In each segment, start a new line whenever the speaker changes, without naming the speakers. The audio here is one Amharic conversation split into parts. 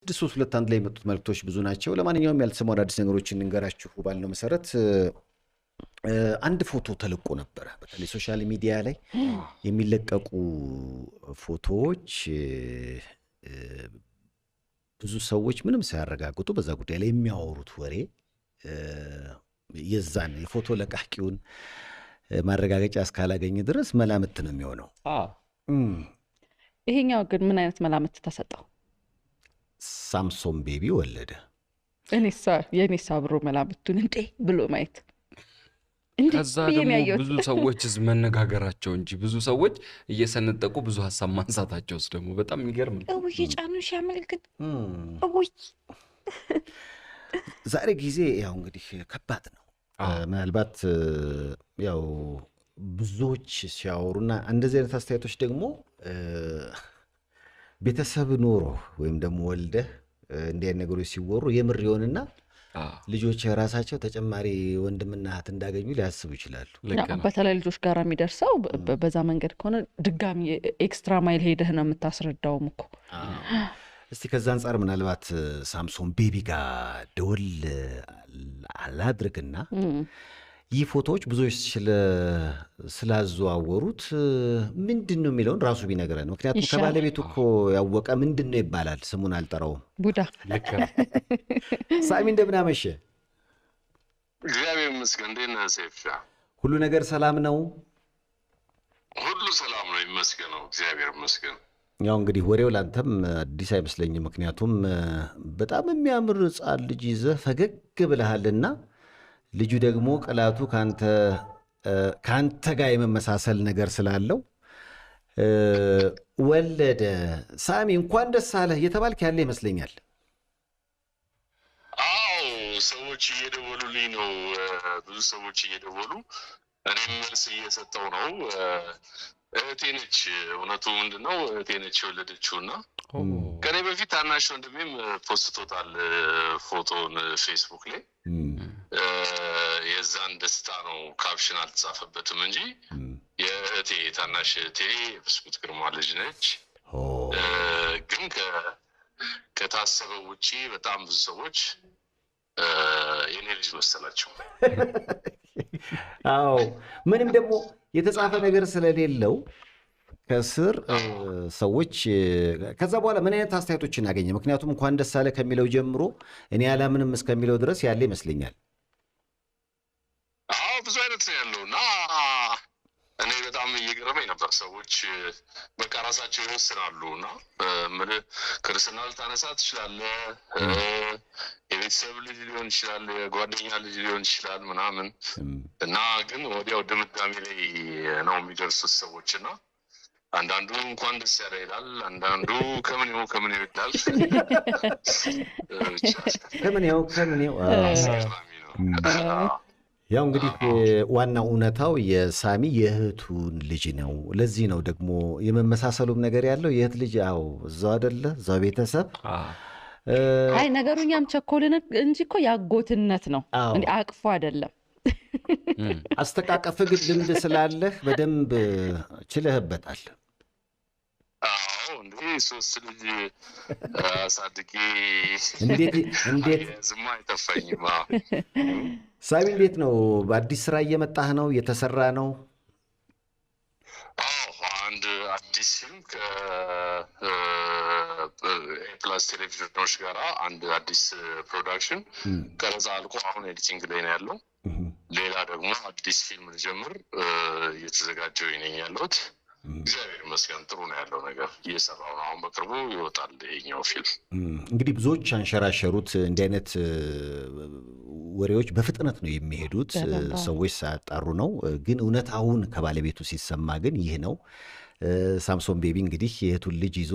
ስድስት ሶስት ሁለት አንድ ላይ የመጡት መልክቶች ብዙ ናቸው። ለማንኛውም ያልተሰማው አዳዲስ ነገሮችን እንንገራችሁ ባልነው መሰረት አንድ ፎቶ ተለቆ ነበረ። በተለይ ሶሻል ሚዲያ ላይ የሚለቀቁ ፎቶዎች ብዙ ሰዎች ምንም ሳያረጋግጡ በዛ ጉዳይ ላይ የሚያወሩት ወሬ የዛን የፎቶ ለቃቂውን ማረጋገጫ እስካላገኘ ድረስ መላምት ነው የሚሆነው።
ይሄኛው ግን ምን አይነት መላምት ተሰጠው?
ሳምሶን ቤቢ ወለደ።
እኔሳ የእኔሳ አብሮ መላምቱን እንዴ ብሎ ማየት
ከዛ ደግሞ ብዙ ሰዎች መነጋገራቸው እንጂ ብዙ ሰዎች እየሰነጠቁ ብዙ ሀሳብ ማንሳታቸውስ ደግሞ በጣም የሚገርም
ነው።
ዛሬ ጊዜ ያው እንግዲህ ከባድ ነው። ምናልባት ያው ብዙዎች ሲያወሩና እንደዚህ አይነት አስተያየቶች ደግሞ ቤተሰብ ኖሮ ወይም ደግሞ ወልደህ እንዲህ ነገሮች ሲወሩ የምር ይሆንና ልጆች ራሳቸው ተጨማሪ ወንድምና እህት እንዳገኙ ሊያስቡ
ይችላሉ። በተለይ ልጆች ጋር የሚደርሰው በዛ መንገድ ከሆነ ድጋሚ ኤክስትራ ማይል ሄደህ ነው የምታስረዳውም እኮ።
እስቲ ከዛ አንጻር ምናልባት ሳምሶን ቤቢ ጋር ደወል አላድርግና ይህ ፎቶዎች ብዙዎች ስላዘዋወሩት ምንድን ነው የሚለውን ራሱ ነው። ምክንያቱም ከባለቤቱ እኮ ያወቀ ምንድን ነው ይባላል። ስሙን አልጠራውም።
ቡዳ
ሳሚ፣ እንደምናመሸ
እግዚአብሔር ይመስገን። እንዴት ነህ ሴፍ?
ሁሉ ነገር ሰላም ነው?
ሁሉ ሰላም ነው፣ ይመስገነው፣ እግዚአብሔር ይመስገን።
ያው እንግዲህ ወሬው ላንተም አዲስ አይመስለኝም፣ ምክንያቱም በጣም የሚያምር ሕፃን ልጅ ይዘህ ፈገግ ብለሃልና ልጁ ደግሞ ቅላቱ ከአንተ ጋር የመመሳሰል ነገር ስላለው ወለደ። ሳሚ እንኳን ደስ አለህ እየተባልክ ያለ ይመስለኛል።
አዎ ሰዎች እየደወሉልኝ ነው። ብዙ ሰዎች እየደወሉ እኔም መልስ እየሰጠው ነው። እህቴ ነች። እውነቱ ምንድን ነው? እህቴ ነች የወለደችው እና ከኔ በፊት ታናሽ ወንድሜም ፖስቶታል ፎቶን ፌስቡክ ላይ ደስታ ነው ካፕሽን አልተጻፈበትም እንጂ የእህቴ ታናሽ እህቴ ብስኩት ግርማ ልጅ ነች። ግን ከታሰበው ውጪ በጣም ብዙ ሰዎች የኔ ልጅ መሰላቸው።
አዎ ምንም ደግሞ የተጻፈ ነገር ስለሌለው ከስር ሰዎች ከዛ በኋላ ምን አይነት አስተያየቶች እናገኘ? ምክንያቱም እንኳን ደስ አለ ከሚለው ጀምሮ እኔ አላምንም እስከሚለው ድረስ ያለ ይመስለኛል።
ገረመኝ ነበር። ሰዎች በቃ ራሳቸው ይወስናሉ እና ምን ክርስትና ልታነሳ ትችላለ፣ የቤተሰብ ልጅ ሊሆን ይችላል፣ የጓደኛ ልጅ ሊሆን ይችላል ምናምን እና ግን ወዲያው ድምዳሜ ላይ ነው የሚደርሱት ሰዎች እና አንዳንዱ እንኳን ደስ ያለ ይላል። አንዳንዱ ከምን ው ይላል።
ከምን ው ያው እንግዲህ ዋናው እውነታው የሳሚ የእህቱን ልጅ ነው። ለዚህ ነው ደግሞ የመመሳሰሉም ነገር ያለው የእህት ልጅ ው እዛው አደለ እዛው ቤተሰብ
አይ ነገሩ እኛም ቸኮልን እንጂ እኮ የአጎትነት ነው እንዲ አቅፎ አይደለም።
አስተቃቀፍ ግን ልምድ ስላለህ በደንብ ችለህበታል።
እንግዲህ ሶስት ልጅ አሳድጌ እንዴት ዝማ አይጠፋኝም
ሳቢ እንዴት ነው? በአዲስ ስራ እየመጣህ ነው? እየተሰራ ነው?
አንድ አዲስ ፊልም ከኤፕላስ ቴሌቪዥኖች ጋር አንድ አዲስ ፕሮዳክሽን ቀረጻ አልቆ አሁን ኤዲቲንግ ላይ ነው ያለው። ሌላ ደግሞ አዲስ ፊልም ልጀምር እየተዘጋጀው ነኝ ያለሁት። እግዚአብሔር ይመስገን ጥሩ ነው ያለው ነገር እየሰራው ነው። አሁን በቅርቡ ይወጣል ይሄኛው ፊልም።
እንግዲህ ብዙዎች አንሸራሸሩት እንዲህ አይነት ወሬዎች በፍጥነት ነው የሚሄዱት፣ ሰዎች ሳያጣሩ ነው። ግን እውነታውን ከባለቤቱ ሲሰማ ግን ይህ ነው። ሳምሶን ቤቢ እንግዲህ የእህቱን ልጅ ይዞ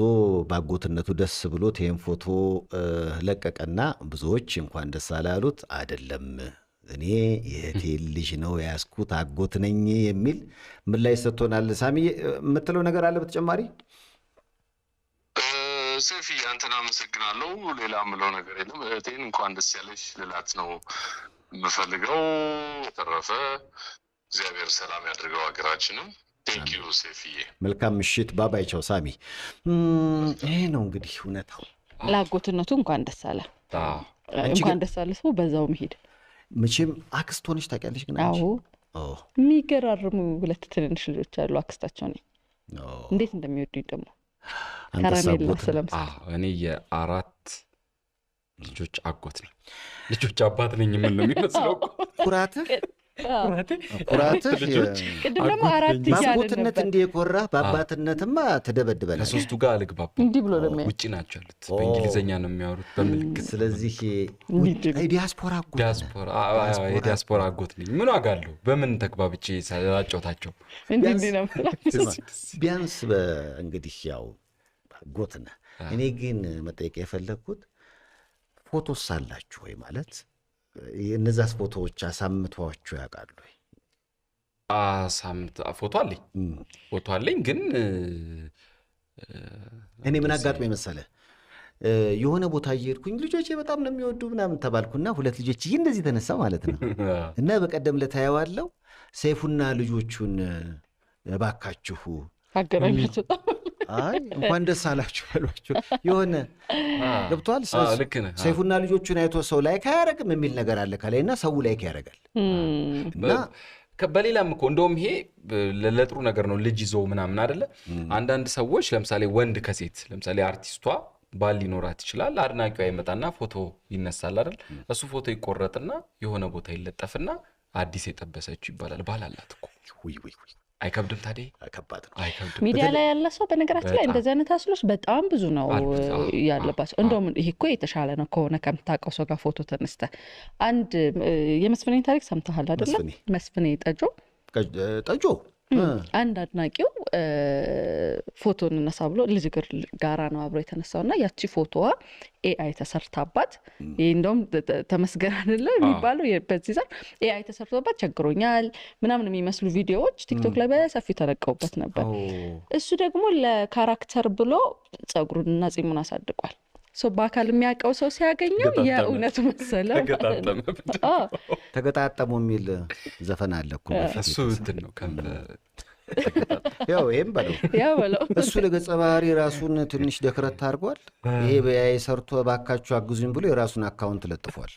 ባጎትነቱ ደስ ብሎት ይህን ፎቶ ለቀቀና ብዙዎች እንኳን ደስ አለ ያሉት አይደለም እኔ የእህቴ ልጅ ነው የያዝኩት አጎት ነኝ የሚል ምላሽ ሰጥቶናል። ሳሚ የምትለው ነገር አለ በተጨማሪ
ሰፊ አንተን አመሰግናለሁ። ሌላ ምለው ነገር የለም። እህቴን እንኳን ደስ ያለሽ ልላት ነው የምፈልገው። ተረፈ እግዚአብሔር ሰላም ያድርገው ሀገራችንም። ቴንኪዩ ሴፍዬ፣
መልካም ምሽት። ባባይቸው ሳሚ፣ ይሄ ነው እንግዲህ እውነታው።
ላጎትነቱ እንኳን ደስ አለ፣ እንኳን ደስ አለ ሰው በዛው መሄድ
መቼም አክስት ሆነች ታውቂያለሽ። ግን አዎ፣
የሚገራርሙ ሁለት ትንንሽ ልጆች አሉ። አክስታቸው ነኝ። እንዴት እንደሚወዱኝ ደግሞ
እኔ የአራት ልጆች አጎት ነው። ልጆች አባት ነኝ የምል የሚመስለው
ኩራትህ ኩራትህ ቅድም ደግሞ አራት በአጎትነት እንዲህ የኮራህ በአባትነትማ ትደበድበላል። ከሶስቱ ጋር
አልግባባ እንዲህ ብሎ ውጭ ናቸው ያሉት በእንግሊዝኛ ነው የሚያወሩት በምልክት። ስለዚህ ዲያስፖራ ዲያስፖራ አጎት ነኝ ምን ዋጋ አለው? በምን ተግባብቼ ሳላጫውታቸው
እንዲህ
ቢያንስ በእንግዲህ ያው ጎትነ እኔ ግን መጠየቅ የፈለግኩት ፎቶስ አላችሁ ወይ ማለት እነዛስ ፎቶዎች አሳምቷቸው ያውቃሉ?
አሳምት ፎቶ አለኝ ፎቶ አለኝ። ግን
እኔ ምን አጋጥሞ የመሰለ የሆነ ቦታ እየሄድኩኝ ልጆቼ በጣም ነው የሚወዱ ምናምን ተባልኩና ሁለት ልጆች ይህ እንደዚህ ተነሳ ማለት ነው። እና በቀደም ለታየዋለው ሰይፉና ልጆቹን እባካችሁ አይ እንኳን ደስ አላችሁ አሏቸው። የሆነ ገብቷል። ሰይፉና ልጆቹን አይቶ ሰው ላይክ አያደርግም የሚል ነገር አለ ከላይ እና ሰው ላይክ ያደርጋል
እና በሌላም እኮ እንደውም ይሄ ለጥሩ ነገር ነው። ልጅ ይዞ ምናምን አደለ። አንዳንድ ሰዎች ለምሳሌ ወንድ ከሴት ለምሳሌ አርቲስቷ ባል ሊኖራት ይችላል። አድናቂዋ ይመጣና ፎቶ ይነሳል አይደል? እሱ ፎቶ ይቆረጥና የሆነ ቦታ ይለጠፍና አዲስ የጠበሰችው ይባላል። ባል አላት እኮ አይከብድም ታዲያ? ከባድ ነው።
ሚዲያ ላይ ያለ ሰው በነገራችን ላይ እንደዚህ አይነት አስሎች በጣም ብዙ ነው ያለባቸው። እንደውም ይሄ እኮ የተሻለ ነው ከሆነ ከምታውቀው ሰው ጋር ፎቶ ተነስተ። አንድ የመስፍኔ ታሪክ ሰምተሃል አይደለም? መስፍኔ ጠጆ ጠጆ አንድ አድናቂው ፎቶ እንነሳ ብሎ ልጅ ግር ጋራ ነው አብሮ የተነሳው እና ያቺ ፎቶዋ ኤአይ ተሰርታባት ይህ እንደውም ተመስገን አለ የሚባለው በዚህ ዛ ኤአይ ተሰርቶባት ቸግሮኛል ምናምን የሚመስሉ ቪዲዮዎች ቲክቶክ ላይ በሰፊው ተለቀውበት ነበር። እሱ ደግሞ ለካራክተር ብሎ ጸጉሩንና ጺሙን አሳድቋል። በአካል የሚያውቀው ሰው ሲያገኘው የእውነት መሰለው።
ተገጣጠሙ የሚል ዘፈን አለ እኮ
እሱ እንትን ነው
ያው ይህም በለው እሱ ለገጸ ባህሪ ራሱን ትንሽ ደክረት አድርጓል። ይሄ በያይ ሰርቶ ባካችሁ አግዙኝ ብሎ የራሱን አካውንት ለጥፏል።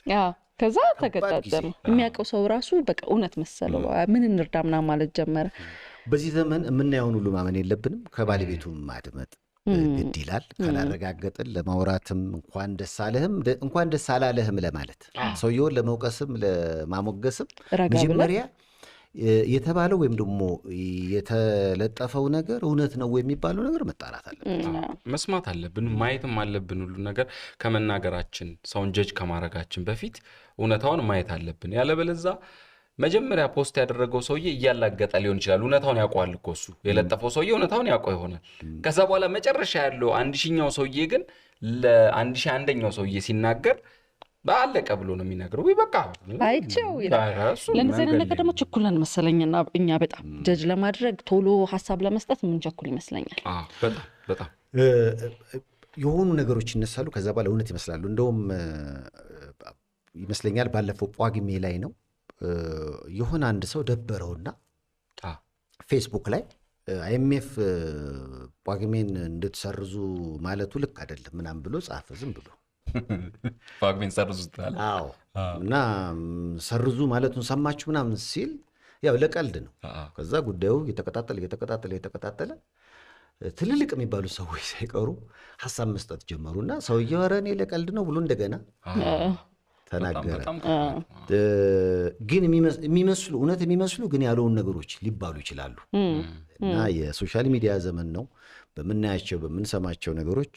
ከዛ ተገጣጠመ። የሚያውቀው ሰው ራሱ በቃ እውነት መሰለው። ምን እንርዳምና ማለት ጀመረ።
በዚህ ዘመን የምናየውን ሁሉ ማመን የለብንም። ከባለቤቱ ማድመጥ ግድ ይላል። ካላረጋገጥን ለማውራትም እንኳን ደስ አለህም እንኳን ደስ አላለህም ለማለት ሰውየውን ለመውቀስም ለማሞገስም መጀመሪያ የተባለው ወይም ደግሞ የተለጠፈው ነገር እውነት ነው የሚባለው ነገር መጣራት አለበት፣
መስማት አለብን፣ ማየትም አለብን። ሁሉ ነገር ከመናገራችን ሰውን ጀጅ ከማድረጋችን በፊት እውነታውን ማየት አለብን። ያለበለዛ መጀመሪያ ፖስት ያደረገው ሰውዬ እያላገጠ ሊሆን ይችላል። እውነታውን ያውቀዋል እኮ እሱ የለጠፈው ሰውዬ እውነታውን ያውቀው ይሆናል። ከዛ በኋላ መጨረሻ ያለው አንድ ሺኛው ሰውዬ ግን ለአንድ ሺ አንደኛው ሰውዬ ሲናገር በአለቀ ብሎ ነው የሚነግረው። ወይ በቃ
አይቼው ለእንደዚህ አይነት ነገር ደግሞ ችኩለን መሰለኝና እኛ በጣም ጀጅ ለማድረግ ቶሎ ሀሳብ ለመስጠት የምንቸኩል ይመስለኛል። በጣም
የሆኑ ነገሮች ይነሳሉ። ከዛ በኋላ እውነት ይመስላሉ። እንደውም ይመስለኛል ባለፈው ጳጉሜ ላይ ነው የሆነ አንድ ሰው ደበረውና ፌስቡክ ላይ አይኤምኤፍ ጳጉሜን እንድትሰርዙ ማለቱ ልክ አይደለም ምናምን ብሎ ጻፈ። ዝም ብሎ
ጳጉሜን ሰርዙ
እና ሰርዙ ማለቱን ሰማችሁ ምናምን ሲል ያው ለቀልድ ነው። ከዛ ጉዳዩ እየተቀጣጠለ እየተቀጣጠለ እየተቀጣጠለ ትልልቅ የሚባሉ ሰዎች ሳይቀሩ ሀሳብ መስጠት ጀመሩና ሰውየው ኧረ እኔ ለቀልድ ነው ብሎ እንደገና ተናገረ። ግን የሚመስሉ እውነት የሚመስሉ ግን ያለውን ነገሮች ሊባሉ ይችላሉ እና የሶሻል ሚዲያ ዘመን ነው። በምናያቸው በምንሰማቸው ነገሮች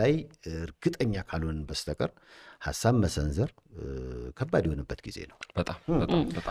ላይ እርግጠኛ ካልሆንን በስተቀር ሀሳብ መሰንዘር ከባድ የሆነበት ጊዜ ነው። በጣም በጣም